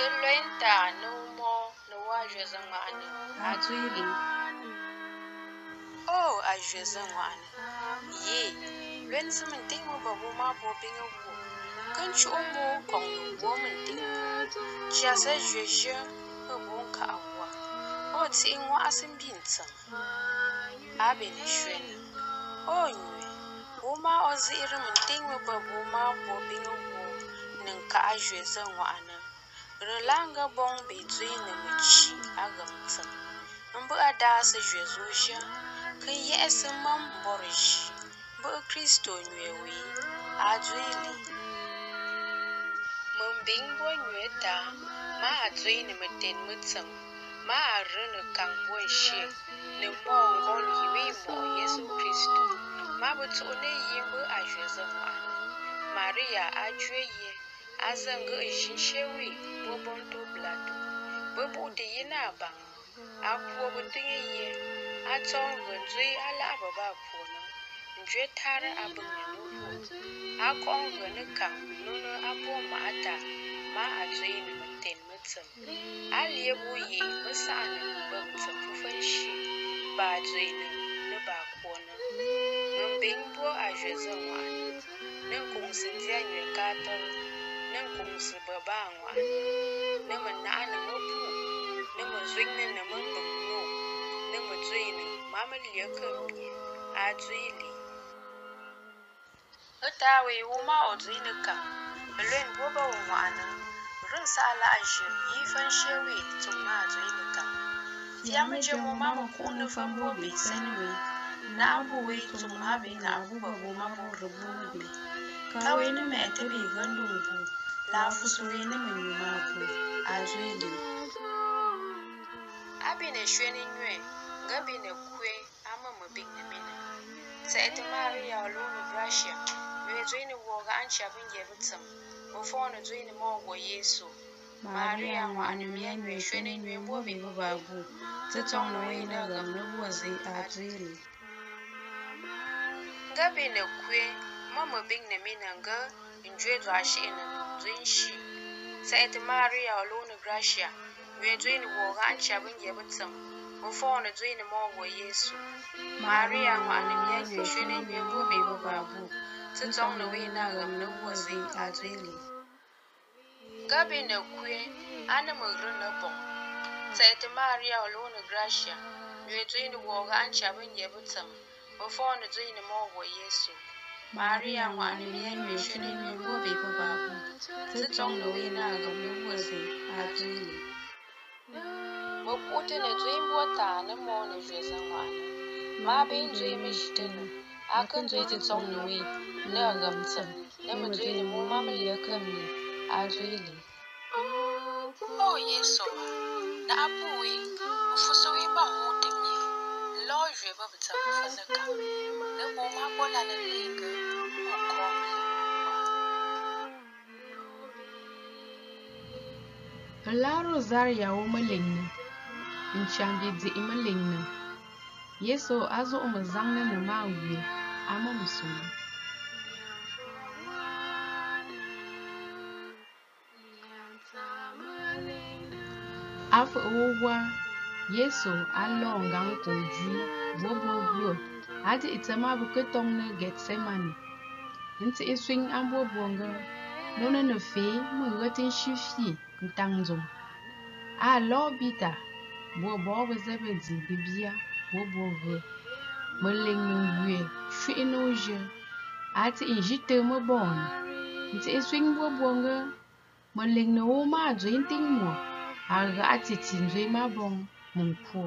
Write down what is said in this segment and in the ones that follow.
nell'enta n'umo n'uwa ajwezin ŋma'ani a tuili o oh, ajwezin ŋma'ani ye lwensi min tei mo ba ma bo biŋe wo kan chuɣu mo kɔŋ ni wo min tei chiɛsi ʒeʒe mi bon ka a wa o tihi ŋɔɣisim bi n tiŋa a be ni o nyuɛ wo ma o zihiri min tei ba bo ma bo biŋe wo nin ka a ʒwezin Rilanga bɔŋ bihi ni mi chi agintim m-buɣa daasi ʒezuɣu kinyɛhisi mini bɔri ʒi buɣi Kristo nyuewi aduili Ŋun be n-bɔri nyuɛ maa aduili mi dini ma tim maa arini kaŋ bɔn Maria ye azãngã zhinshẽwi bo bõnto blado bẽ buɣudi yina a ba a tun dũyẽ yɛ a tsɔm vẽdzoe a lahabba a puuni n dwe tari a biŋni ni a kɔŋvɔ ni kam nuni a buɣum a ma a dzoe ni mi ten aliye bu a leebu ni mi saɣani bin tim fufun shi baa dzoe ni ni ba kuoni ŋun be n bo a wa zaŋ waɣani ninkuŋsi n diɛnywe ka tiri Nan n'okumsiba baŋwa na mi na mi pu ni mi na ni mi biŋno na mun duyini ma mi ya ka mi a ta n taawe wuma o duyini ka, bi lɔn boba wo ŋɔɣani rin ala a shi yi fan sheewi tum ka. Ya kam je mu ma mi kuhuni fan bobi Na naɣabu wei tum be bi abu ba bo ma bo di buubi kawe ni mai ti bi gandun buu mako ne lafuswele menyu mavu azwili abine shweni nywe ngabine kwe ama mabingi mina sa'ati maria olunu gracia mwe e zwini woga anchi abinge bitam ofono zwini mogo yesu maria wa anumia nywe shweni nywe bobe babu tetong no ina gamno buwazi azwili ne kwe mama bingi mina nga njwe dwa shi ina zuin shi sa'id maria lona gracia we doing the war, and bin ge butsam mo fona yesu maria mo anim ya ke shine be bo be bo babu on the way now, I'm no was in a zuili Gabby, no queen, animal up. na sa'id maria gracia we zuin woga an cha bin ge butsam mo fona yesu Maria wanilie mwishini ni ngobi kubabu. Zitong no ina ba adwili. Mopute ne dwimbu atane mwone jweza ngwana. Mabe njwe mishitinu. Akan zwe zitong no we. Ne agamtsa. Ne mdwili mumamili yakamli. Adwili. Oh, Yesu. Na apuwe. na 学部怎么分得高？德国挖过来的那个木工。Laro zariyawo malinni n chandi diɣi malinni Yesu a zuɣumi zaŋli ni maa wuya a mami na. a fihi wugwa Yesu a longa n kuli di buobuo adi itama buketong ne getsemani nti iswing e ambuobuongo none e ne fee mu ɣetin shifie ntang a lo bita bo bo zebe di bibia bo bo me leng ne wue shue ne ozhe ati inji te me bon nti iswing e buobuongo me leng ne ma dzoi mo a ɣe ati ti ma bong mu nkuo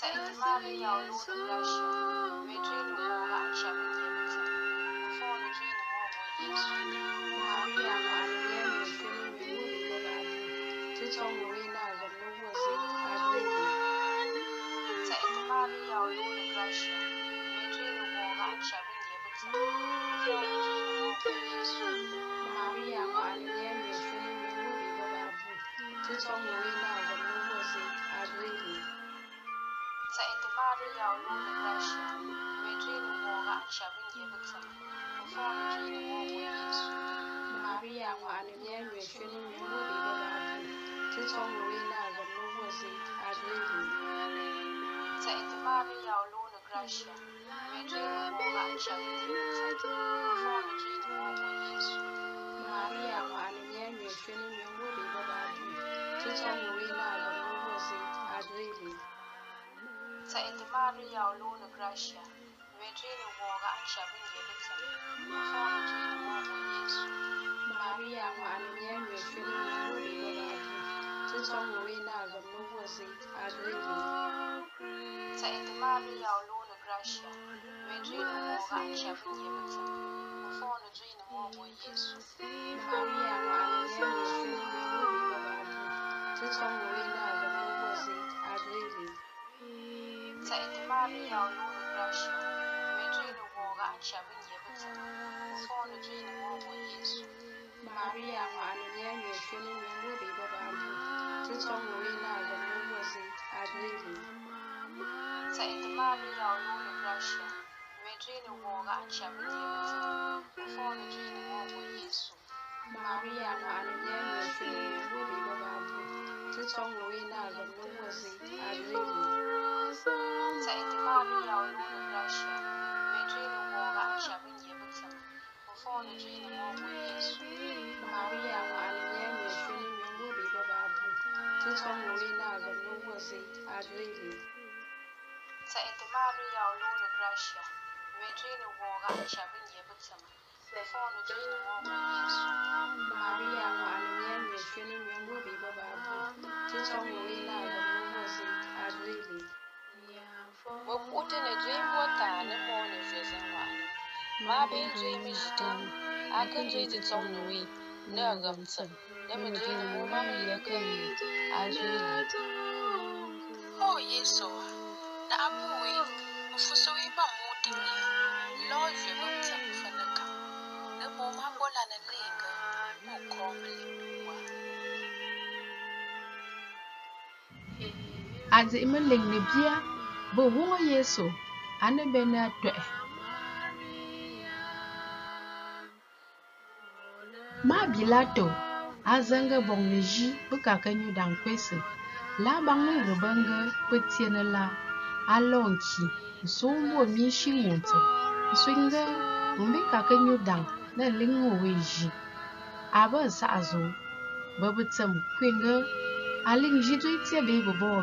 在你妈的腰路的要修，没追路我晚上没你们走，我放了追路我一直我也把人家有些人没有一个来的，就从我那人路我是还不会的，在你妈的腰路的要修，没追路我晚上没你们走，我放了追路我一直我也把人家有些人没有一个来的，就从我那人路我是还不会的。the betuleni mwogashya binyebutsa ufaanukirire w'obweyesu the w'anemyemyetwe n'imihurire bantu tutomulinaga n'ubuzi abiri said mariya ulunagashya betuleni mwogashya the ufaanukirire w'obweyesu mariya w'anemyemyetwe n'imihurire bantu tutomulinaga ta Edemaria alone of Russia, Vedrin Woga and Shabin Yelitsa, Mahon Jane Woga Yesu, Maria Manayan Vedrin Woga, Titom Marina the Movazi Adlini, ta Edemaria alone of Russia, Vedrin Woga and Shabin Yelitsa, Mahon Jane Woga Yesu, Maria Manayan Vedrin Woga, Titom Marina ta edemame yaw loori brasha medrina woga an shabi nyebita ufono jini mwongo yesu maria maana nyanya shoni nyangwe beba bambu titongo wina aga mwongozi adlebu ta edemame yaw loori brasha medrina woga an shabi nyebita ufono jini mwongo yesu maria maana nyanya shoni nyangwe beba bambu titongo wina aga mwongozi adlebu Maria, I am a feeling, you will be the Bible. Tis only now the moon was it, I dream it. Say the Maria, Lord of Russia. We dream of war, I shall be able to. The phone of the moon was it, Maria, I am a feeling, you will be the Bible. Tis only now the But put in a dream water and a morning dressing one. My being dream is done. I can dream it on the way. No gum tum. Let me dream the woman in a coming. I dream it. Oh, yes, so. Now, boy, for so we are moody. Lord, you look up for the cup. The woman will and a linger. Oh, come, Adze imeleng ne bia bɛ wuŋ Yesu ane bɛ ni atɔhi. Maa Bilato a zaŋgi bɔŋni ʒi bɛ ka ka nyu daŋkpɛsi la a baŋ ŋmɛhiri bɛngi bɛ tiɛni la a lɔnchi n-suɣimbu o mini shiŋmɔnti n-suɣingi m-be ka ka nyu daŋ ni liŋa o wei ʒi a bɛ n-saɣi bi tim kpɛngi a liŋ ʒi dɔɣi tɛ bee bɛ bo o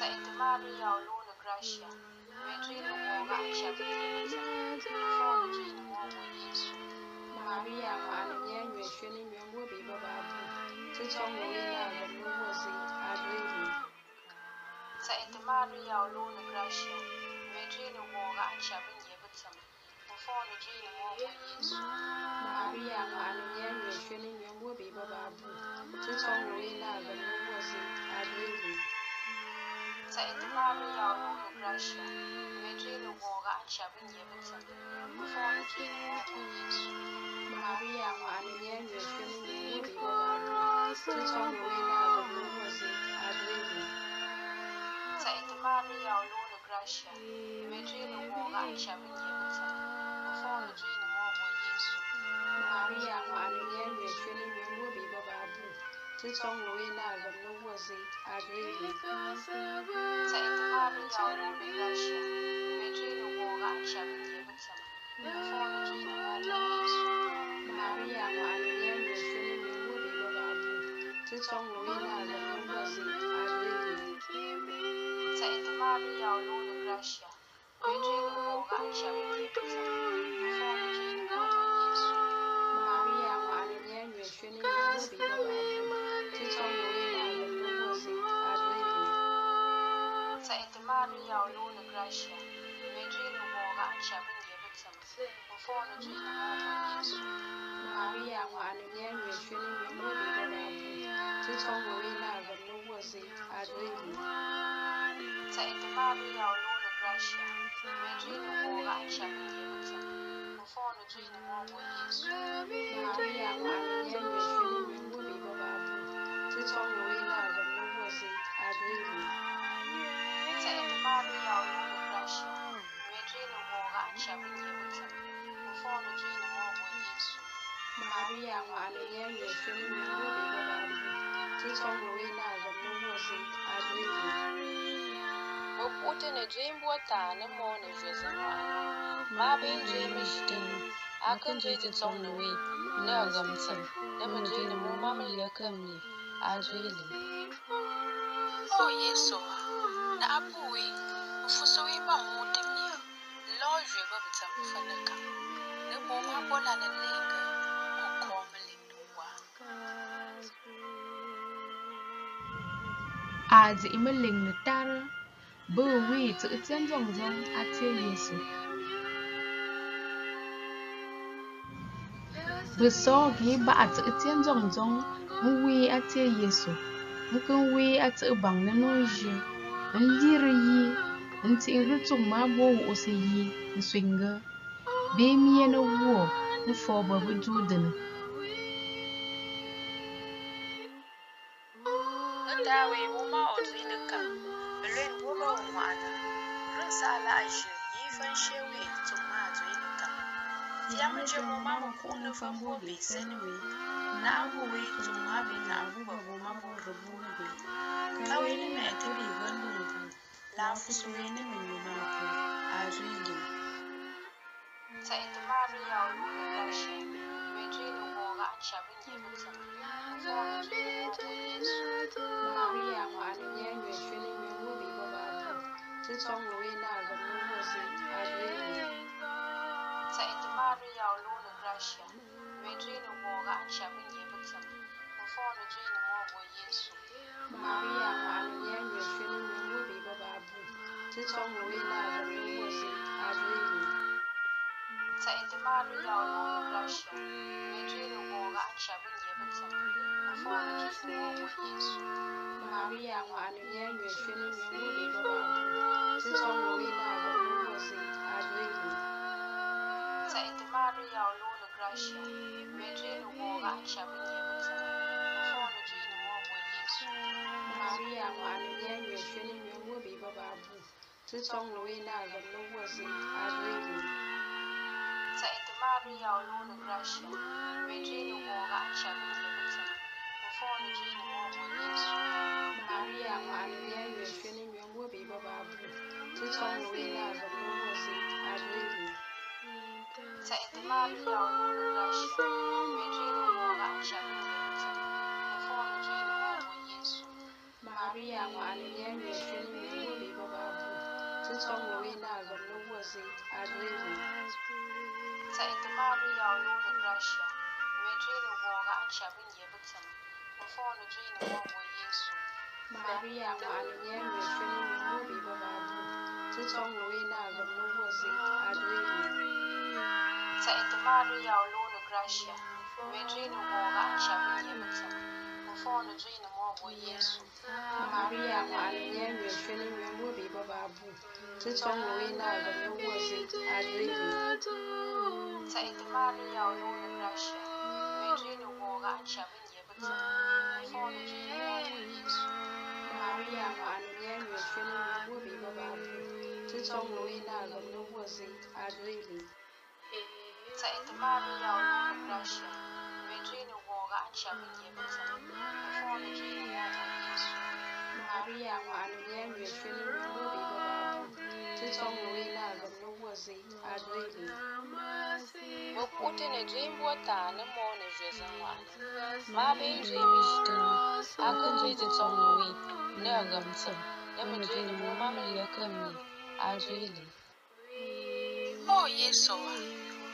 Santa and Maria, Gracia, we dream of all that shall be given to Maria, my young, we're feeling your movie, Baba. Gracia, we dream of all that shall be given to me. Maria, my young, we're you. Ta in the family of Russia, Major the war and Shabin Yemen. Before the king, Maria and the end of the war, the son of the war was a dream. Ta in the family of Russia, Major the war and Shabin Yemen. Before the king, Maria and the end of was it? I really the war and given of I really Mammy, our own aggression. We dream of all that chapel gave it some Before the dream of our house, Mammy, our enemy, and we're feeling we're moving around. To talk away now, but no was it. I dream. Take the mammy, our own aggression. We dream of all that chapel the dream of our house, Mammy, our Father, yesu mariya mwaleya yesu mwihuri babantu tiko muwinaza muwozi adwini okute nejwimbo tane mone jwezama mabin jwimi na wi ne agamtsin ne mujwini mu mamin lekamni na abu wei ofu so wei ba mu de ne ka ne ne ne ka o kɔ me e ne tar bu wei zu zen e zong zong a te yesu bu so gi ba a zu zen e zong zong mu wei a te yesu mu kan wei a bang ne no je ndiri yi nti'iri tsumma bo wu'usi yi nswiŋgə bee n foobo bɛ N daawei wuma o duɣili kam bɛ lɔyin boba o ŋɔɣini rin saɣala a ʒini yi fan sheewi tsumma a duɣili kam. Yami je wuma mi kuhindi fan bo bɛ sani mi naɣangu yên à, à, luôn Tau ene na etebi iwan bungu, lafu suwene mwenye mapu, aridu. Ta itumari ya ulungu gashi, medrinu mwoga anchabinye mutu. Maria mwana nye medrinu mwemuri baba atu, tutong luwe na agamu mwose, aridu. Ta itumari ya ulungu gashi, medrinu mwoga anchabinye mutu. Mfono jini mwogo yesu. 自从我为那个女人而努力，塞德玛丽奥洛老师面对的我敢吃不厌的面包，阿方吉诺医玛丽亚和安妮亚永远永远不离不弃。自从我为那个女人而努力，塞德玛丽奥洛老师面对的我敢吃不厌的面包，阿方吉诺医玛丽亚和安妮亚永远永远不离不弃。Tin song We jini wo ga ansha bi te bicha. Wo Kitson Marina ga Nwozi Adwebu. Ta itimari ya olori Russia, wejini the anshabin yebutan, mufonu jini wogo Yesu. Maria ma alinyen wejini mwuri bababu, Kitson Marina ga Russia, mufɔɔno nso yina mu a a a a shall be given to him. Before the king and that of Jesus, Maria wa anulia mbiashweni mbilu bibo wapo. Tito mwela aganowa zi adwili. Bukute ne dwimbo tane mo ne jweza mwana. Mabe ndwimi jitano. Aku ndwi tito mwi. Ne agamtsa. Ne mdwini mwumami lekami. Adwili. O yeso wa.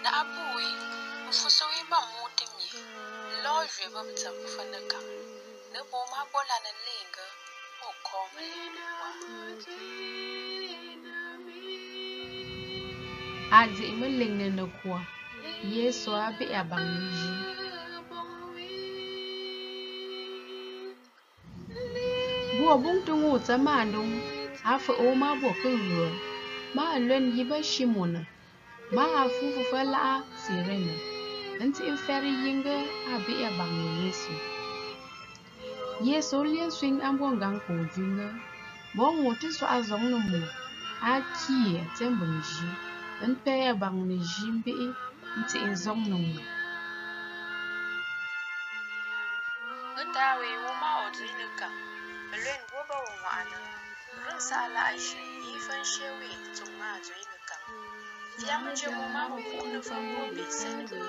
Na abuwi. Mfuso wiba mwuti yue bɛ bɛ nika ni boom ha bola ni leengi o komi a dihi mi liŋni kuwa yeesu a a baŋ ni ʒi buwa buntiŋ ŋɔ ta o ma bo pun yuwa maa shimona maa ente en feri yenge a beye bangne yeso. Yeso lienswen anbo angan koujine, bon wote sou a zon noumou, a kiye ten bonji, ente peye bangne jimbe, ente en zon noumou. Nta we woma otwine ka, belwen wobo wovane, ronsa laj, yifan chewe, ton ma otwine ka. Tiamonje woma wokou nou fangou besen wete,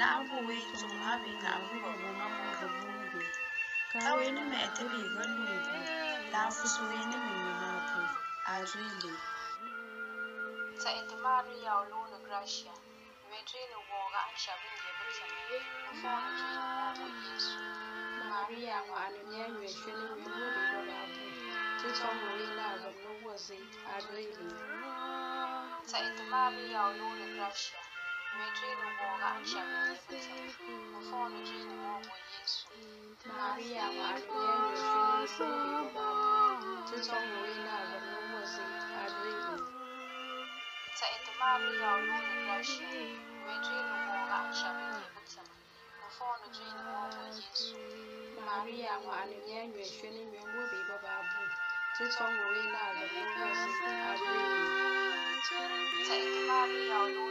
ahụghị ịtụ abị na ahụghị ọgbụgba mụrụ gburugburu ka wani mai tabi gano lafusu wani mai mahaku ya olona gracia medrina wora an shabin da bisa yesu maria wa anuniya abu ya olona gracia medwene wɔ ahyɛ me nsɛm ɔfa ɔno dwene wɔ wɔ yesu maria maria medwene sɛ obi baako tutɔ mo yi na abɔ mo mo sɛ adwene sɛ ɛte maria ɔno ne brahye medwene wɔ ahyɛ me nsɛm ɔfa ɔno dwene maria maria maria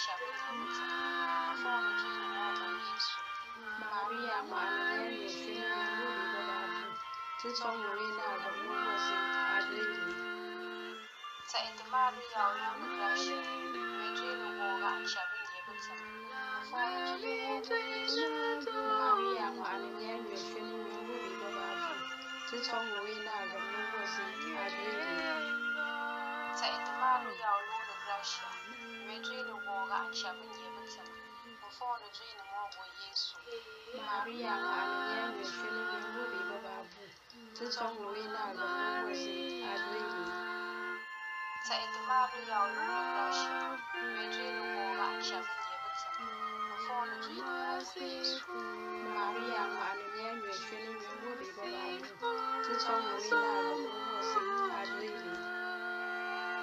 chapa kabutsa fora mukiza n'abantu yesu mariya mwana w'imishini n'urubuga rw'abantu tutwa muri ntabwo n'umukozi adini ta indi mariya uyangu gashi mejuru ngoga chapa kabutsa fora mukiza mariya mwana w'imishini n'urubuga rw'abantu tutwa muri ntabwo n'umukozi adini ta indi mariya uyangu gashi mejuru 玛利亚，我宁愿为心灵永无疲惫而活。自从我离开了母亲，我独自一人。在夜晚，我独自一人。玛利亚，我宁愿为心灵永无疲惫而活。自从我离开了母亲，我独自一人。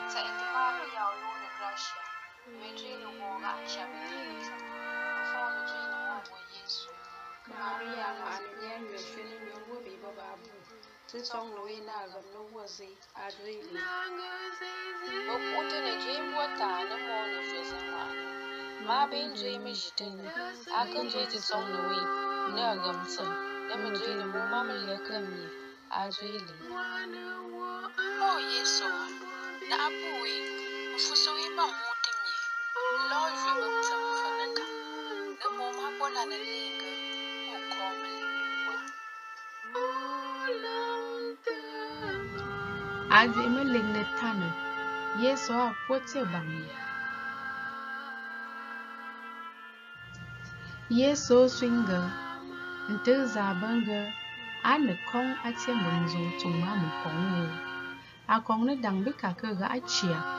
在夜晚，我独自一人。没追到我吧？下辈子，我放个追到我音乐。那不一样嘛，那年月，学的牛我比宝宝多。自从落雨那根落花枝，阿瑞丽。我看到你寂寞的，那么的悲伤。妈被追没追到？阿根追到上路尾，那根伞，那么追的妈妈也看迷，阿瑞丽。不好意思哦，那不我分手以后没。Lord, you will jump for the top. The moment one and a leg will come As the immeling the tunnel, yes, or what's your bang? Yes, so swinger, until Zabanga, and the kong at your moons to Mamma A chia.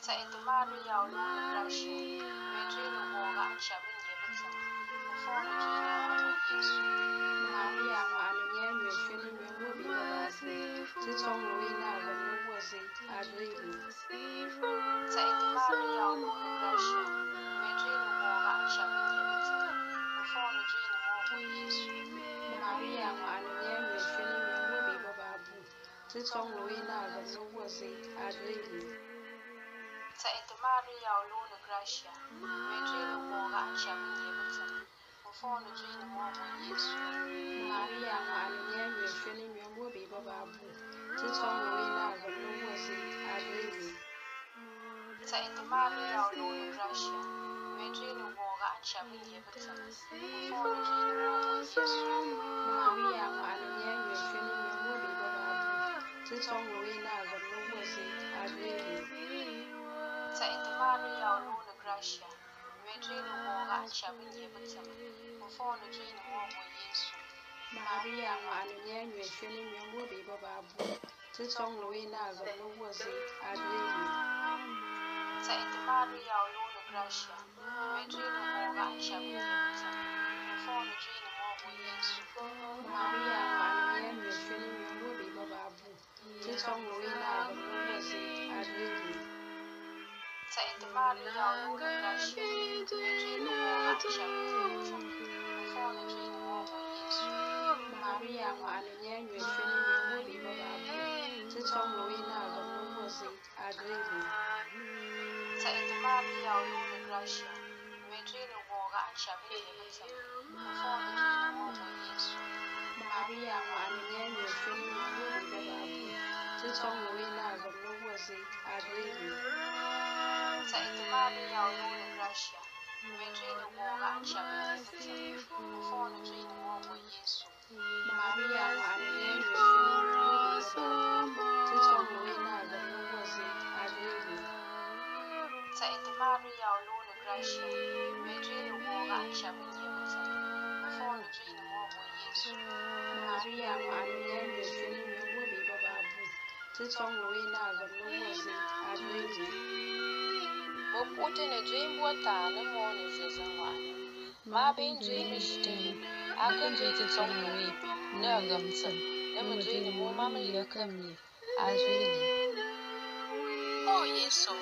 在都马路要路认识，面对着我敢笑不言不笑，不放的追你我同意，玛丽让我安妮，面对着我并不怕死，自从我为难了我我死，爱对的。在都马路要路认识，面对着我敢笑不言不笑，不放的追你我同意，玛丽让我安妮，面对着我并不怕死，自从我为难了我我死，爱对的。Taedemari ya Olono Gracia, Medrine Woga and Shamin Yebuton, Mufonu Jane Mama Yesu, Maria Maria Refini Yamubi Baba Abu, Titan Marina Volumosi Adrini. Taedemari ya Olono Gracia, Medrine Woga and Shamin Yebuton, Mufonu Jane Mama Yesu, Maria Maria Refini Yamubi Baba Abu, Titan Marina Volumosi Adrini later in the Maria Gracia, Medrino Moga and Shabinye Butam, Mufon again Mogo Yesu. Maria Manuyan, your shilling young will be Babu, Luina, the Lord was it, Adlin. Later in Gracia, Medrino Moga and Shabinye Butam, Mufon again Mogo Yesu. Maria Manuyan, your shilling young will be Babu, Luina, the Lord was Så inte varje dag går där kyrkor och kyrkor Maria wa alinya nyeshe ni mwuri wa babu Titong loyi na gomu hozi agribi Sa ita Maria wa yungu grasha Medrini woga anshabili hisa Mufoni kini mwoto yesu Maria wa alinya nyeshe ni mwuri wa babu Titong loyi na gomu hozi agribi Later, Ethiopia alone in Russia imejini kuoga nchi ya Pacific ufuo nijini mwongo Yesu Maria aliyefuraso tito mwina za mungozi alili Saidi Maria oluni gracia imejini kuoga nchi ya Pacific ufuo nijini mwongo Yesu Maria aliyefuraso tito mwina za mungozi alili boputene nzvimbo taanemuwo nezvezvingwani mabe nzvimbo zvitini akanzviti tsonguwe neagamtsin nemunzvini mumamulira kamye azvidi o yeso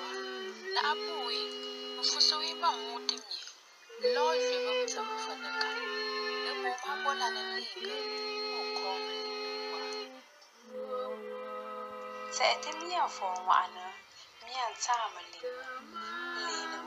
naapuwe mfusuwi pamuti mye lozwe vamutsamufanaka nekumwambolana ninga ukhombe tsɛti miya fɔɔ ŋɔɣini miya n-tsaami liŋa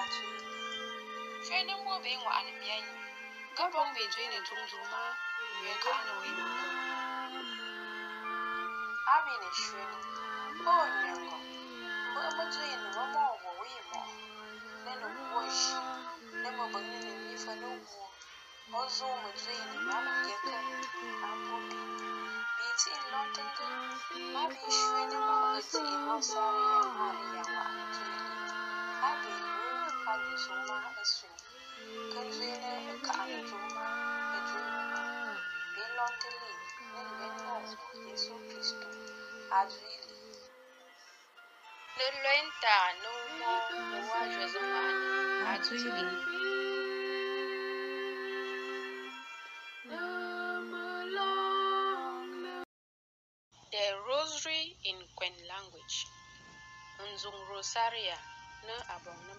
ato ne mu obɛn wɔ anomea nyi gabɔn bɛgyee ne tuntumma nwie kaa ne wɔ mu abi ne hwɛ no ɔnwenko wɔmɔgyee ne wɔma ɔwɔ wei mɔ ne ne wowɔ hyi ne mɔbɔne ne nifa ne wuo ɔzo wɔmɔgyee ne mama yɛka abɔ bi bɛti nnɔntenka ma bi hwɛ ne mɔ ɔti nnɔsare yɛ mɔ yɛ wɔ All you so happy. Con Rene, Kai, Toma, et tout. Le loterie, elle est pas coûteuse, Audrey. Le loin tant, non, moi Joséfa, Audrey. Le moment. The rosary in Kwen language. Un zung rosaria. ne a bɔŋ ni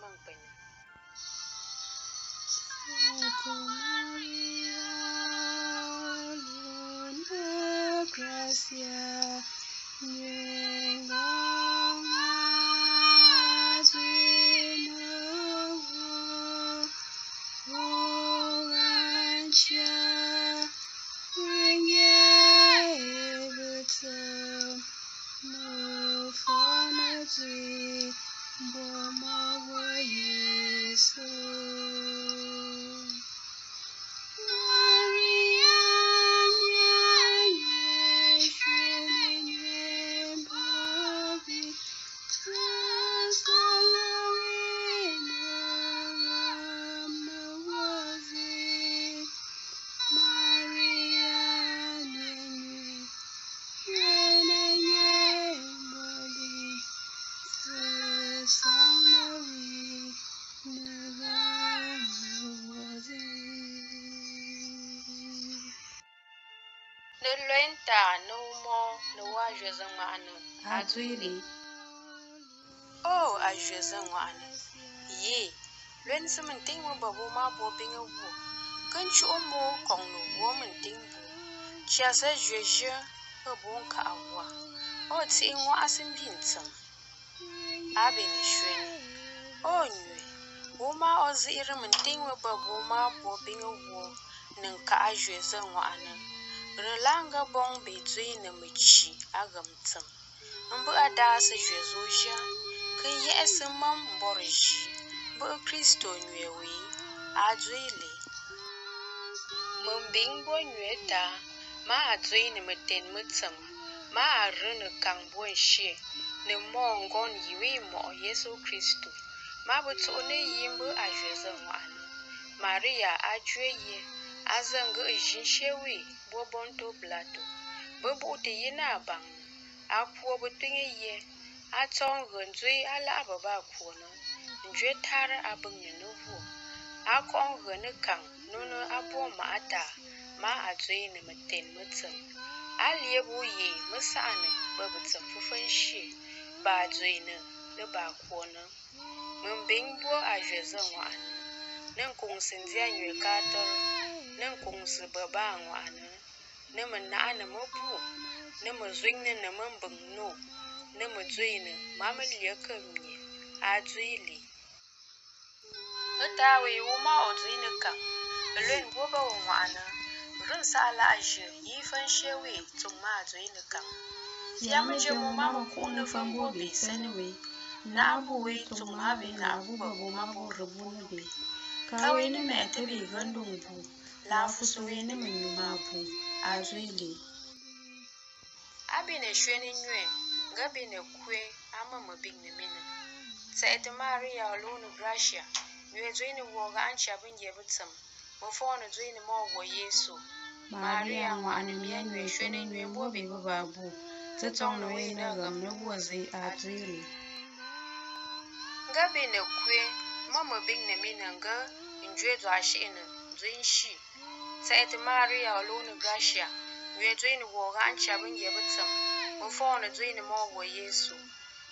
ba bo ma bo biŋe wo kan ken chuɣumbo kɔŋ no wo min ding sa je je ni bo ka awwa wa o tihi ŋɔɣisi m bin tiŋa a be ni shɛli o nyuɛ ma o zi ir min ding wo ba bo ma bo biŋe wo ni ka a je ʒe ŋɔɣini Rilanga bɔŋ be tsui na mi chi agam tiŋ m bu a da sa je zo zooi kan ken yɛhisi e mam bɔri ji biɣi Kristo e nyuɛ wee azụ ili min boi nyuɛ daa ma a doi ni mi den mi tim ma a ri ni kaŋ boi shee ni moongon yiwi moɣu yesu kristo ma bi tuɣu ni yimbu a yɛzi ŋɔɣani maria a jue yi a zaŋgi i ʒin shewi bo bonto bilato bi buɣu ti yi ni a baŋ a puo bi tɔŋi yi a tɔŋ ɣindui a lahababa a kuoni n jue taari a biŋni ni a akon hane kan nuna abu ma'ata ma a zoye na mutane mutum aliye buye musa ne babu fufan shi ba a zoye na da ba kuwa ne me bin bo a jezan wa ne nan kun sun ji an yi katar nan kun su baba wa ne na mun na ana mabu na mun zoye ne na mun bin no na mun zoye na mamaliyar kan ne a zoye n taai yuma o du yini kam bi lɔɛ ni booba wo ŋɔɣuni run yi lahi ʒe yiifan sheewi tiŋ maa du yini kam fiɛmi je mo ma mo kuɣuni fam bo be sani we naɣabu we tiŋ maa be naɣabu ba bo ma bo ribu ni be ka we ni mɛ ti be gandun bu laafusi we ni mi nyu maa bu a du le a be ni shwe ni nyuɛ ga be ni kue a mi mi big ni mini e tɛhiti maari yaalooni brashia Mwe yue dzoini woga ancha bingie bitim mufono dzoini mogo yesu maria ŋwani mia nyue shwene nyue bobi babu. ti tɔŋni wei na ghim ni wo zi a dzoili nga bi ni kue ma mi bin ni mi ni nga n dzoe dzo ashiɣini dzoin shi tɛhiti maria oloni gashia yue dzoini woga ancha bingie bitim mufono dzoini mogo yesu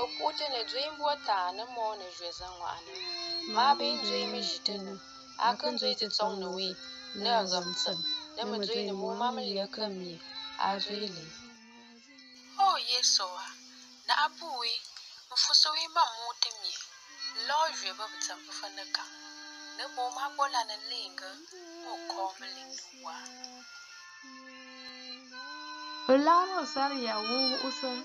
Bakute ne dzwe na taa ni mɔɔ ni zwe ŋwani. Maa bee ndzwe mi ʒi dinni. A kan dzwe na tɔŋ na wee ni a ghim na mu mi dzwe ni ma mu mi ya kan mi a dzwe li. O na a, naɣa n fu so ma mu mi n lɔɔ zwe bi bi tim ka, ni gaŋ. ma moo maa gba ni leengi o kɔɔ mi liŋdi waa. O laɣiri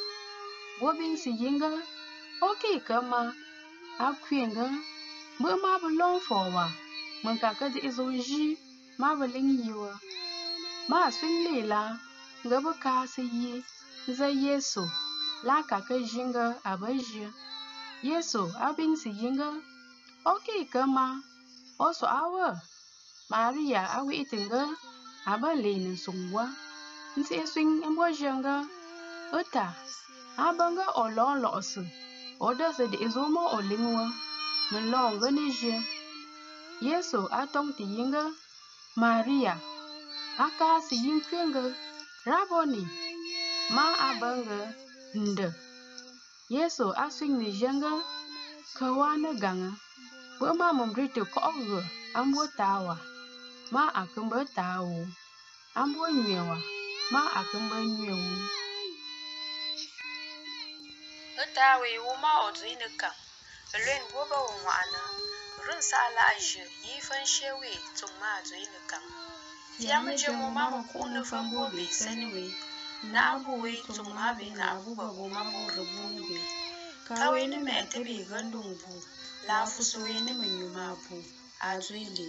wobin si yinga oki kama akwenga mbe ma bu lon fowa mun kaka di izo ji ma bu lin yiwa ma sun lela ga bu ka si yi za yeso la kaka jinga abaji yeso abin si yinga oki kama oso awa maria awi itinga aba lenin sungwa nsi sun embo jinga uta abenge o lo lo'osi o dese de izumo o lingwa min lo ngeni je yeso atong ti yinga maria aka si yin kwenga raboni ma abenge nde yeso aswing ni jenga kawana ganga bama mumrito ko ogo ambo tawa ma akamba tawo ambo nyewa ma akamba nyewu ntaawe wuma o dwi-ni kam Əlwen goba wo ŋɔɣini sa la a ʒiri yi fan sheewe tiŋ maa dwi-ni kam je jɛmo ma mo kuɣuni fan bo be sani we we tu ma be ba bo ma buɣiri buuni be kawe ni mɛ ti be gandun bu su we ni mi nyu ma bu a dwi-le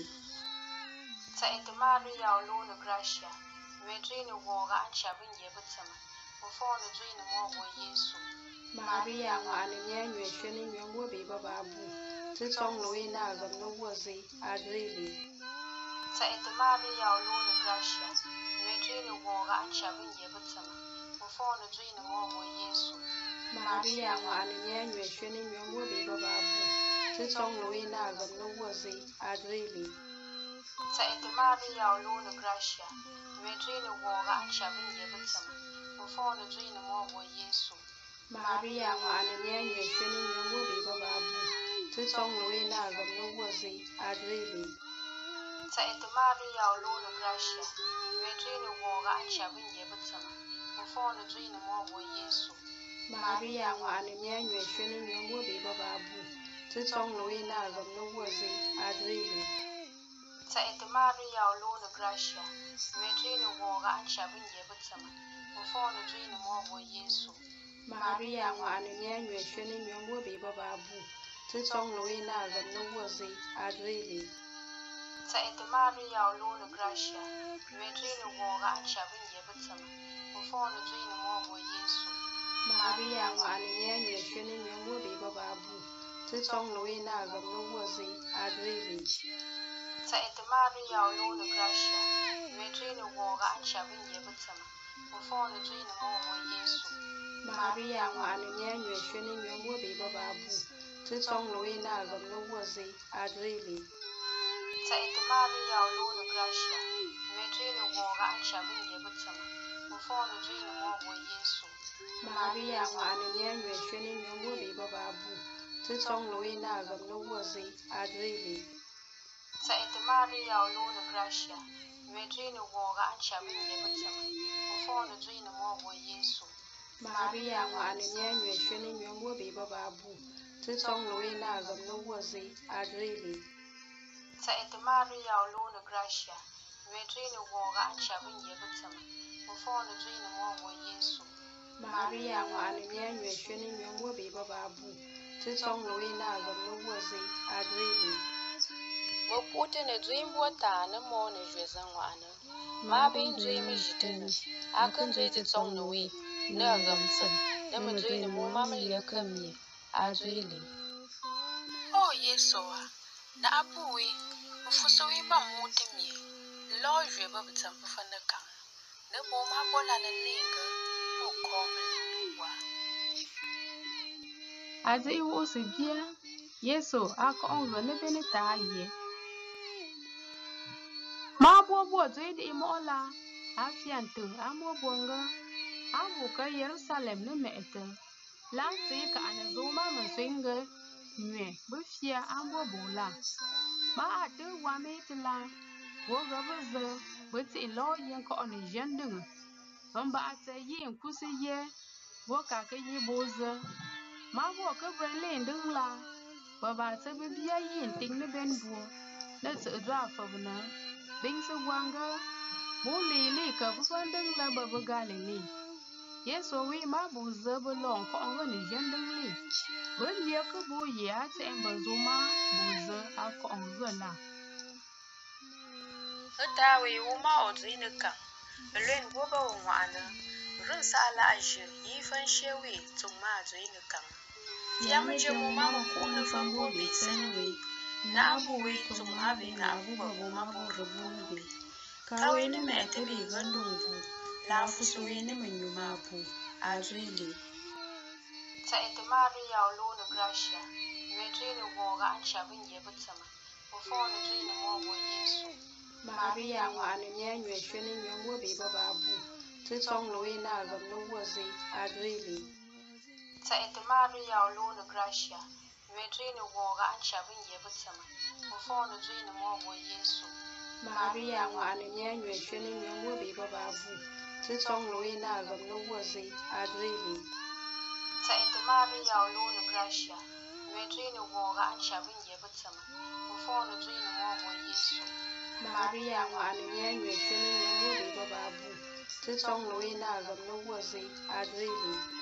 ma maa ni yaw looni Gracia we dwi-ni ga an chɛ bin yɛ bi tima o fɔɔni zui ni ŋɔ wo Yesu 妈的呀！我那年月学的语文无比巴巴糊，这种录音哪能我是耳朵里？妈的呀！我那年月学的语文比巴巴糊，这种录音哪能我是耳朵里？妈的呀！我那年月学的语文无比巴巴糊，这种录音哪能我是耳朵里？Maria wa'anania nyeshoni nyewore bababu tutong na gam nuwazi adrili. Ta etu Maria o lulu gracia, vedrini woga Yesu. Maria tutong na gam nuwazi adrili. Ta etu Maria o gracia, vedrini woga Maria ni ŋɔ anunya ŋmɛnshɛli ŋmɛmbo bibaabu ti tɔŋ Loe Naagan ni wɔzi adrɛli. ente Maria o looni Gracia ŋmɛdrɛli wɔɔga a chabi nyɛ bi tiŋa o fɔɔni dɔyini mɔɔbo Yesu. Maria ni ŋɔ anunya ŋmɛnshɛli ŋmɛmbo bibaabu ti tɔŋ Loe Naagan ni wɔzi adrɛli. ente Maria o looni Gracia ŋmɛdrɛli wɔɔga a chabi nyɛ bi tiŋa. maria ŋo e, a le miã nyɔesue ne nyɔŋuo be bɔ baa bu tɩ tɔŋlo we na a gɔm ne wuo ze adrele maria ŋo a le miã nyɔesue ne nyɔŋuo be bɔ baa bu tɩ tɔŋlo we na a gɔm ne wuo ze adrele Ta ente Maria o Luna Gracia, mitini woga chamuufone tuine mogo yesu maria ane nyanyweshwe ninywe mubibo babu titongle winaga muwozi adrili tete maria olune gracia mitini woga chamuyekutima ufone tuine mogo yesu maria ane nyanyweshwe ninywe mubibo babu titongle winaga muwozi adrili makute na dzoimbiwa taa ni mooi ni ʒe zaŋwani maa bee n dzoimi ʒi a kan dzooi ti sɔŋ ni wee na a ɣimsi ni mi dzooi ni moo maa mi liya ka mi a dzooi li o yeesowa na a puwe n fusowe ban mooi ti mie n lɔɔ ʒe bi bi tim fo ni kaŋa ni moo ni neengi o kɔɔmili nuwa a dihi wuhisi bia yeeso a kɔhimmi ni bɛ ta taai Mabuwa buwa zoi di imo ola. Afiyan tun amo bongo. Abu ka Yerusalem ni me'ete. Lan tsi ka ana zoma man swinga. Nye bu fiya amo bola. Ma a te wa me ti la. Wo ga bu ze. Bu ti lo yin ka oni jendinga. Ban ba a te yin kusi ye. Wo ka ka yi bo ze. Ma bo ka bu le ndin la. Ba ba ta bi biya yin ting ni ben bo. Na tsi dwa fa bu na. bingsa gwanga mu lili ka fu son din laba bu galini yeso wi ma bu zaba lon ko an wani jen din li wun ya ka bu ya ta in bazu ma bu za a ko an zana ta wi wu ma o zi ni kan lwen bu ba wun wa na rin sa ala a shi yi fan shi wi tun ma zi ni kan ya mu je mu ma mu ko na fan bu bi san wi nabu wito mabe nabu babu mabu rubumbi kawe ni metebe gandungu lafu suwe ni menyu mabu azwili ta etemari ya ulunu grasha metrini uboga ancha vinye butama ufono trini mwogo yesu Maria ya wa anemianyu eshweni nyongwe biba babu Tutong luwe na alba mnuwa zi adwili Ta etemari ya ulunu grasha Maria wa anemianyu eshweni nyongwe biba babu 你嘴里沃干，小兵也不吃嘛。我放你嘴里沃，我耶稣。妈逼啊！我阿的娘，月血的娘，我被个报复。只装聋演哑，个们弄我死，阿嘴里。你嘴里沃干，小兵也不吃嘛。我放你嘴里沃，我耶稣。妈逼啊！我阿的娘，月血的娘，我被个报复。只装聋演哑，个们弄我死，阿嘴里。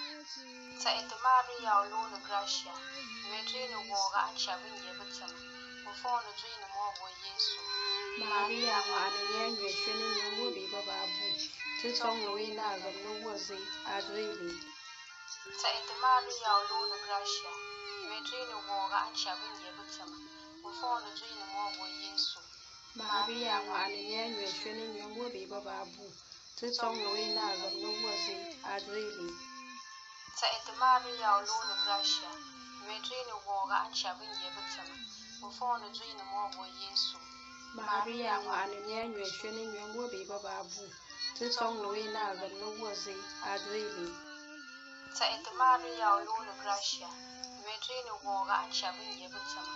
Ta Edmaria Olona Gracia, Medrine Wora Achabinye Butem, Mufone Drine Mobo Yesu. Maria wa anayanywe shini nyamuri bababu, tutong luina gamnuwazi adwili. Ta Edmaria Olona Gracia, Medrine Wora Achabinye Butem, Mufone Drine Mobo Yesu. Maria wa anayanywe shini nyamuri bababu, tutong luina gamnuwazi 圣母玛利亚，光荣的国家，你们追的王家，千杯也不醉吗？我奉你们追的摩西耶稣，玛利亚，我爱的女女，谁能与我比比丈夫？自从路易娜跟了我时，爱追你。圣母玛利亚，光荣的国家，你们追的王家，千杯也不醉吗？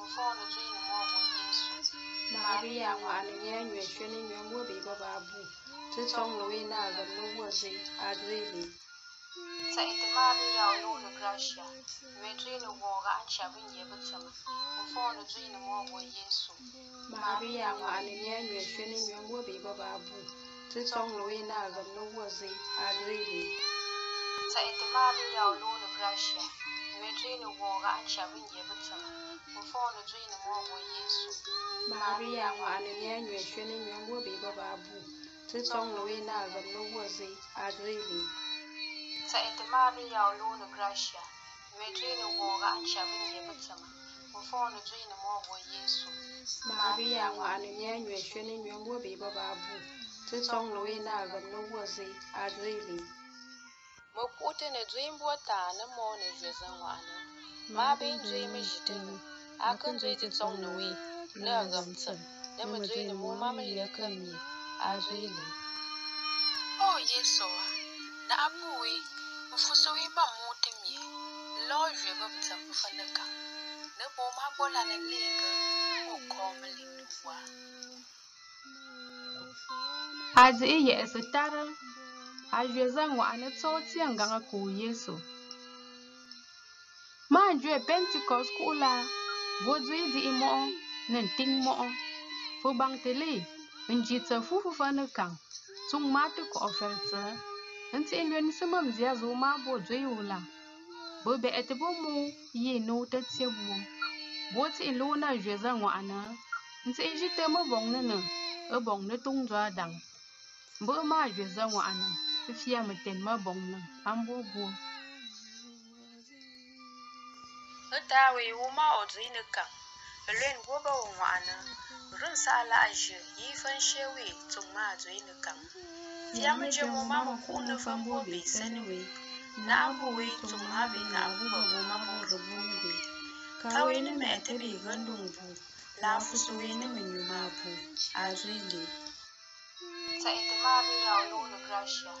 我奉你们追的摩西耶稣，玛利亚，我爱的女女，谁能与我比比丈夫？自从路易娜跟了我时，爱追你。Ta idimari ya olunga gracia, wedrini woga anchabinye butama, ufono dwini mwogo yesu. Maria wa alimia nyeshweni nyongo biba babu, tutong luwe na agam nuwazi agrili. Ta idimari ya olunga gracia, wedrini woga anchabinye butama, ufono dwini mwogo yesu. Maria wa alimia nyeshweni nyongo biba babu, tutong luwe na agam nuwazi agrili. Sa'itti Mari ya Olunu Gracia, Medrini Woga Anshabini Yebutama, Mufono Jini Mwobo Yesu. Maria wa Anunyanywe Shweni Nyombo Biba Babu, Tutong Luina Ramnuwazi Adrili. Mokuti zi dwimbo tani mo ni dwizin waɣani maa bi n dwi mi ʒi dini a kin dwi ti tɔŋ ni wi ni a rim tim ni mi dwi ni mo ma mi yɛ ka a dwi li oh, yesu wa Na apuwe, mfuso ima wi mwote mye, lojwe mwote mfufanekan. Ne pou mwa bolanen lege, mwoko mweli mdouwa. Adye ye esetare, ajwe zangwa ane tso ti an ganga kouye sou. Ma anjwe pentikos kou la, gozwe di imo an, nen ting mo an. Fou bankte le, mnjite mfufanekan, tsou mwate kou oferte an. Ntse'elweni se mom nziya zuo maa bo o dɔya o la, bɛ bɛhi ti bo mo yiinoo ti tiɛbu o, bo o tihi loo na ʒwe zaŋɔɣina, n-tihi ʒitɛma bɔŋni ni e bɔŋni tuŋdɔa daŋ, mbuɣi maa ʒwe zaŋɔɣina fifia mitɛma bɔŋni ambɔɔ bo. E daa wei, wuu maa o dɔya ni kaŋ. Belen goba wa ma'ana, rin sa'ala yi fan shewe tun ma zoini kam ya muje mu ma mu na fambo bai sani wai na abuwe tun ma bai na abuwa mu ma mu rubu bai kawai ni mai ta bai gandun bu so yi ni min yi ma bu a zoini ta ita ma bai yawon lokacin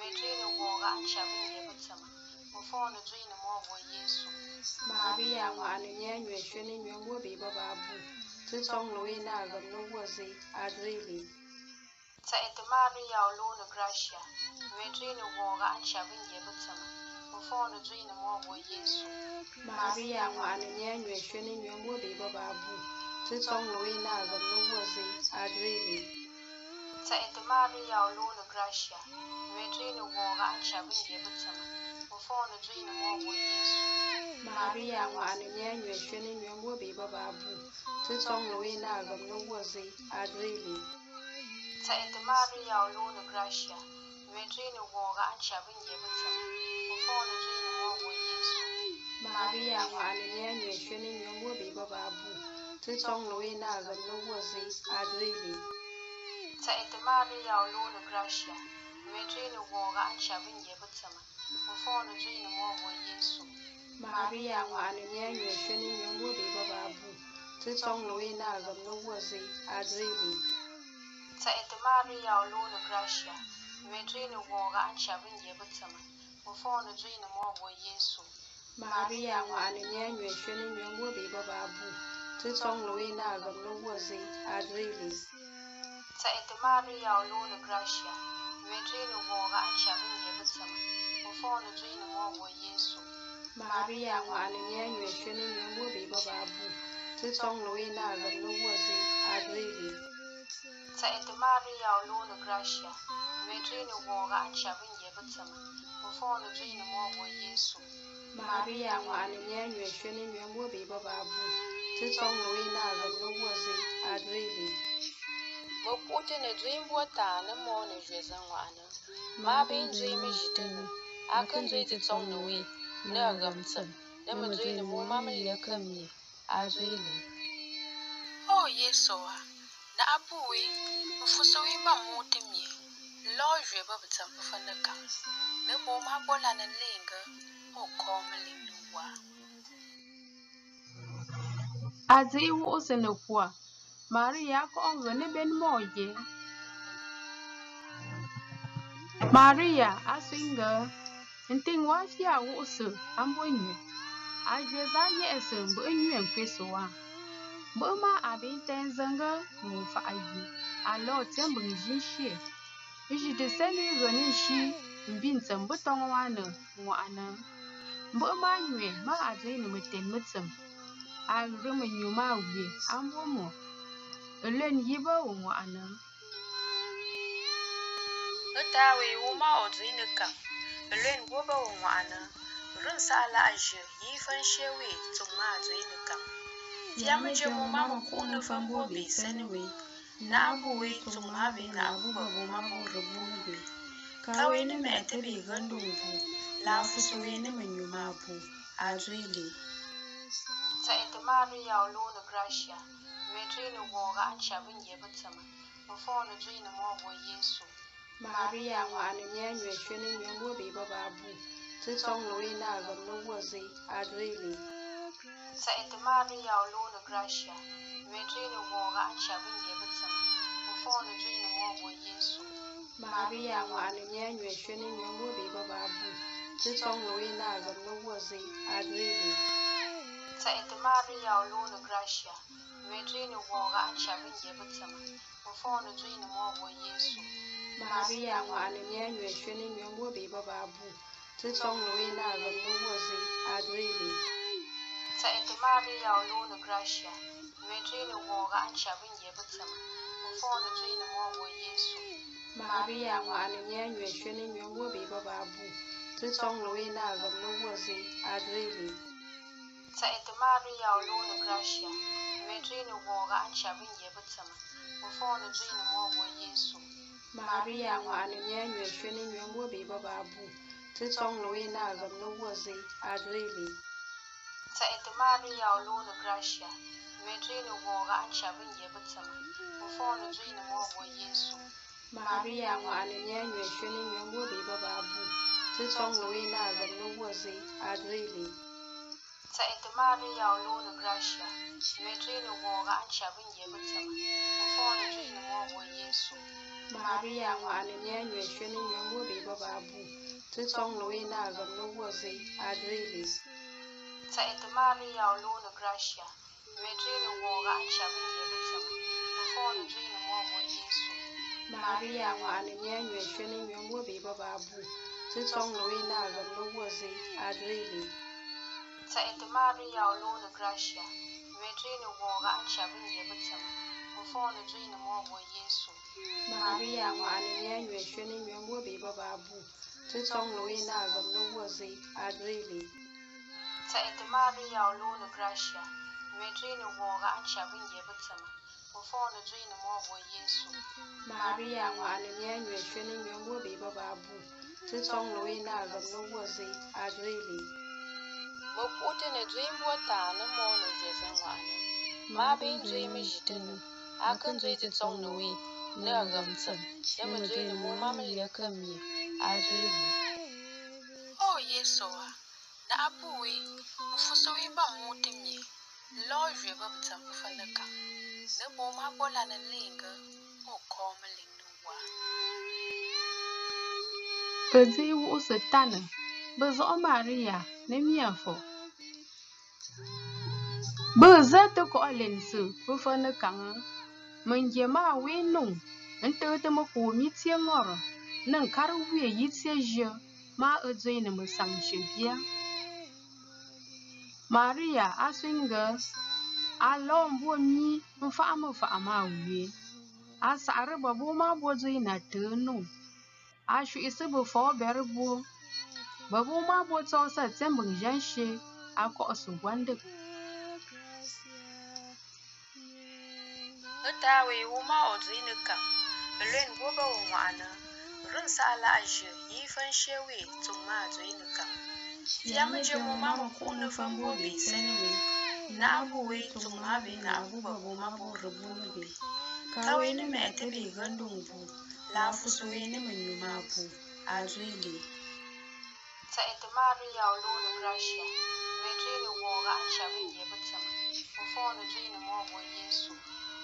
Between uwoga and shabin yebutama. Mufon yesu. Maria na agam nuwazi adrili. Ta gracia. Between yesu. Maria na Gracia, Retrino Wora Anchabindi Ebutama, Ofono Trino Mogo Yesu, Maria Wanyan Yashini Yamwobi Babu, Tutong Luina Gomnowazi Adrili. Say ita Maria Olona Gracia, Retrino Wora Anchabindi Ebutama, Ofono Trino Mogo Yesu, Maria Wanyan Yashini Yamwobi Babu, Tutong Luina Gomnowazi Adrili. Ta ihtimali yawluna Gracia, medrini woga ansha bin yebutama, mfono mo mwogo Yesu. Maria ngwane nyanyo shini nyungu riba babu, titong nwe na agam nuwazi azili. Ta ihtimali yawluna Gracia, medrini woga ansha bin yebutama, mfono mo mwogo Yesu. Maria ngwane nyanyo shini nyungu riba babu, titong nwe na agam nuwazi azili. Ta ete maari yaw Gracia, wendreeni wɔɔga n shɛbi n yɛbisimi, o fɔɔni Maria ŋɔɣili nyɛla nyɛnshɛni ni wo bee baa buu, ti sɔŋli Ta ete maari yaw Gracia, wendreeni wɔɔga n shɛbi n yɛbisimi, o fɔɔni Maria ŋɔɣili nyɛla nyɛnshɛni ni wo bee baa buu, ti sɔŋli Bo kuɣuti ni duyimbo taani moo ni ʒe zaŋɔɣu ni maa bee n dui mi ʒi a kan dui ti sɔŋ ni wee ni a ɣimtim di mi dui ni moo maa mi kam mi a dui ni o yɛsowa ni a bu wee n fusu wee ma mu ti mi lɔɔ ʒe bi bi tim ni kam ni moo maa bo lana leengi o komi leengi waa a yi wuɣisi ni kuwa Maria kaongene bên moja. Maria asinga nting wasi ya wusu ambonye. Ajeza yesu mbo nyuen kwesowa. Mbo ma abin tenzanga mufa ayi. Alo tembo njinshi. Ishi deseni gani shi mbinsa mbo tongwana ngwana. Mbo ma nyue ma adzaini mten mtsam. Agrumu nyuma ubi ambomo. eleniyibe wòŋɔ ane ŋutawee woma o duini kam eleni wobe wòŋɔ ane rin saha laha ʒiri yifin shewee tiŋ maa duini kam fiɛmi jɛmo ma mo kuuni fɔmbo bɛ sani mi naɣabuwee tiŋ maa na naɣabuba woma mo di buuni bɛ kawee ni mɛ ti bɛ gindi n bu laafusowee ni mi nyu maa bu a duili tihi ti maa ni yaw looni gracia medrine woga an shabin yebutama mufono drine mogo yesu maria wa anemia nywetwe ne nyambo be baba bu tsong lowe na agam no wozi adrili sa et maria o lona gracia medrine woga an shabin yebutama mufono drine mogo yesu maria wa anemia nywetwe ne nyambo be baba bu tsong lowe na agam no wozi adrili sa et maria o lona gracia medrini woga anshabigiye butsema mufono dwini mwogo yesu maria yaŋo ani nyɛ ni nyɔmbo bee baabu ti tɔŋ na a e e gom ni wɔzi ta inti gracia medrini woga anshabigiye butsema mufono dwini yesu maria yaŋo ani nyɛ ni nyɔmbo bee baabu ti tɔŋ na a gom ni wɔzi gracia ndrini woga an shabin ye ndrini mogo yesu maria wa anemia nywe shweni nywe na wozi adrili ta et maria o lo no gracia ndrini woga an shabin ye ndrini mogo yesu maria wa anemia na wozi adrili Saint Maria Olora Gracia, Yetrino Woga and Shabin Yebutam, before the Tree Wogo Yesu. Maria wa anemia Yeshwin Yamudi Bababu, to Tong Luina of Novozi Adrilis. Saint Maria Olora Gracia, Yetrino Woga and Shabin Yebutam, before the Tree Wogo Yesu. Maria wa anemia Yeshwin Yamudi Bababu, to Tong Luina of Novozi Adrilis. Sa'idu Mari Yawlu ni Gracia, Medri ni Woga an Shabin Yebutim, Mufoni Dri ni Mogo Yesu. Maria wa Anania Yeshu ni Mwembo Biba Babu, Tutong Lui na Agam Nuwazi Adrili. Sa'idu Mari Yawlu ni Gracia, Medri ni Woga an Shabin Yebutim, Mufoni Dri ni Mogo Yesu. Maria wa Anania Yeshu ni Mwembo Biba Babu, Tutong Lui na Agam Nuwazi Adrili. Bɛ puhi ni dɔyim bo taa ni mooi ni dɔya biŋŋɔhi ni. Maa bee n dɔyim ʒiti ni, a kini dɔyi ti sɔŋ ni wii ni a rimtim din bi dɔyi ni mo mam liya ka mi a dɔyi ni. O Yesuwa, naɣibuhi bufu so yi ban moogi mɛ n-lɔɔ ywe bɛ bi tim fini kam, di bo maa bo lana leegi o komi lindi waa. Bɛ dihi wuhisi tani, bɛ zuɣu maria. nimiafọ Bɨ ghɨ tɨ koʼ lènsɨ̀ fɨfenɨ kàŋə. Mɨ̀ ma we nûŋ ntɨɨtɨ mɨ kùu mi tsyé ŋôrə̀ nɨ̂ ŋ̀karə ghyê yi tsyé zhyə̂ ma ɨ dzwe nɨ̀ mɨ̀sàŋ shɨ̀bya. Maria a alọ ŋgə a lô mbo mi mfaʼ mɨ A ma bwo dzwe nà tɨ̌ nû. A shwi'isɨ bɨ fǒ bɛ̀rɨ Baba bu ọsat mbʉŋzhǎshe a kɔ'ɔsə ŋgwándəg. Ɨ ta wee wu ma ɔ dzʉ yi nɨ Ɨlwen gwo bə ana run sa ala a zhyə yi fanshe wee tun ma a dzʊ yi nɨ kàŋ. Ya məje mu ma mu ko na fan bo bi seni wee. na abu wee tun ma bi na abu ba bo ma bo rə bu nə be. Ka wee ni mɛ ta bi gandun bu, la a fusu wee ni mə ma bu a dzʊ yi Sa'ittmari yauludi Russia Virginia Woga anshavingye butsema mufono jini mwogo Yesu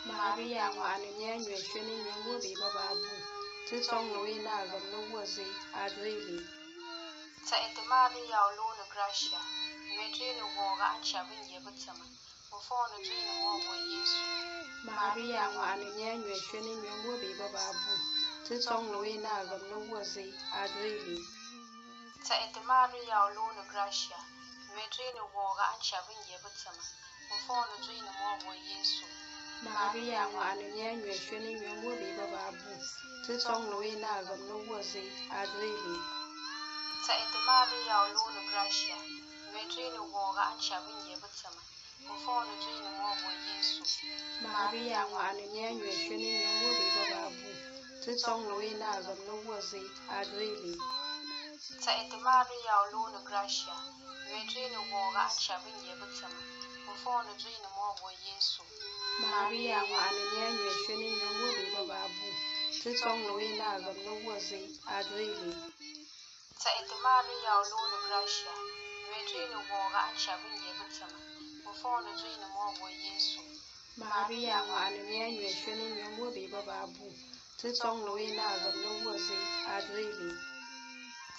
Maari yawo ani nyanyo shweni nyamuri bababu tisong nwe na agam nwozi adrili Sa'ittmari yauludi Russia Virginia Woga anshavingye butsema mufono jini mwogo Yesu Maari yawo ani nyanyo shweni nyamuri bababu tisong nwe na agam nwozi adrili Tahiti Maariyaw looni Gracia Medrini wɔɔga a chabi n yɛ bi tima Yesu Maariya ŋɔɣani nyɛla nyɔɛ shɛli ni nyɔɛ wɔbi ba baa bu ti sɔŋ ni na Gracia Medrini wɔɔga a chabi n yɛ bi tima Yesu Maariya ŋɔɣani nyɛla nyɔɛ shɛli ni nyɔɛ wɔbi ba baa bu ti sɔŋ Sa etimari ya uluuni gracia, wedrini woga an shabi nyebu tsama, mufoni dwini mwogo Yesu. Maria wa ananya nyeshweni nyungu riba babu, tutong luwi na agam nuwazi adwili. Sa etimari ya uluuni gracia, wedrini woga an shabi nyebu tsama, mufoni dwini mwogo Yesu. Maria wa ananya nyeshweni nyungu riba babu, tutong luwi na agam nuwazi adwili.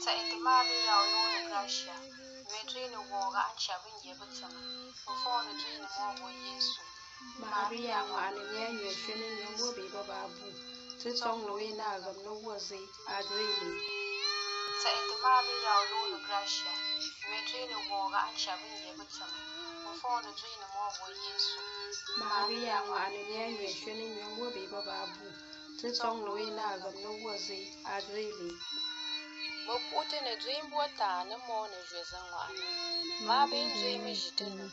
Said Maria Leone Gracia, Vedrino Woga and Shabin Yabutan, before the Gene Mogo Yesu. Maria and Yan Yashin and Wobi Babu, Titong Luina Gam Nowazi Adrili. Said Maria Leone Gracia, Vedrino Woga and Shabin Yabutan, before the Gene Mogo Yesu. Maria and Yan Yashin and Wobi Babu, Titong Luina Gam Nowazi Adrili. Mwen e e, e pou te ne dwe mbo ta ane mounen jwe zang wane. Mwen apen dwe mwen jiten nou.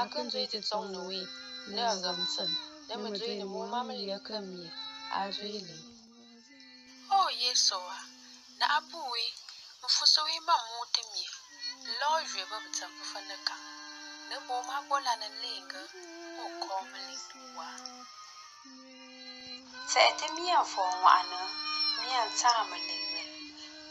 Aken dwe te tson noui. Nen angan tsen. Nen mwen dwe moun mam li akamye. A zwe li. Ho ye so a. Na apou we. Mwen fousou iman moun temye. Loun jwe mwen bitan pou fane kan. Nen pou mwen akwola nan lege. Mwen kom li. Tse ete mi an fon wane. Mi an tsara mwen lege.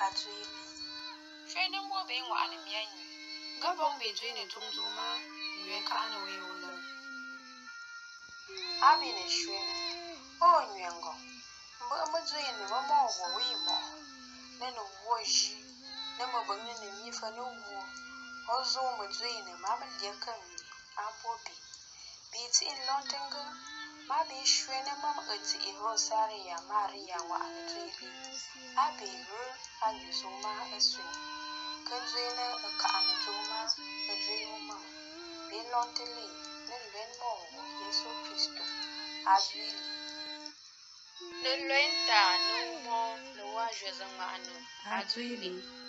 katu ibi fenin bobe yin wa alimiyan yi gaban bai je ne tun zoma yiwe ka ana na wula abi ne shwe o nyengo mbo mo wo bi ti Mami shwene mam eti i Rosaria Maria wa anetwibi. Abi ru anyuzuma esu. Kanzwene ka anetuma edriuma. Bilontili nilwen mo Yesu Kristo. Abili. Nilwen ta numo nuwa jwezama anu. Adwili. Adwili.